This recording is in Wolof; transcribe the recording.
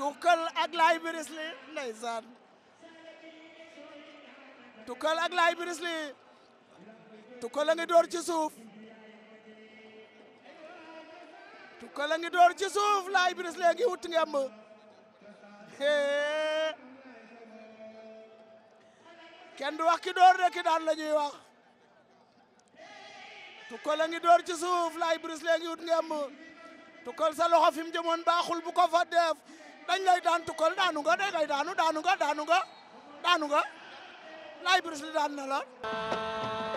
tukkal ak laay biris li ndeysaan tukkal ak laay biris li tukkal a ngi door ci suuf tukkal a ngi door ci suuf laay biris li ngi wut ngemb kenn du wax ki door de ki daan la wax tukkal a ngi door ci suuf laay biris li ngi wut ngemb tukkal sa loxo fi mu jëmoon baaxul bu ko fa dañ lay daan tukkal daanu nga dangay daanu daanu nga daanu nga daanu daan na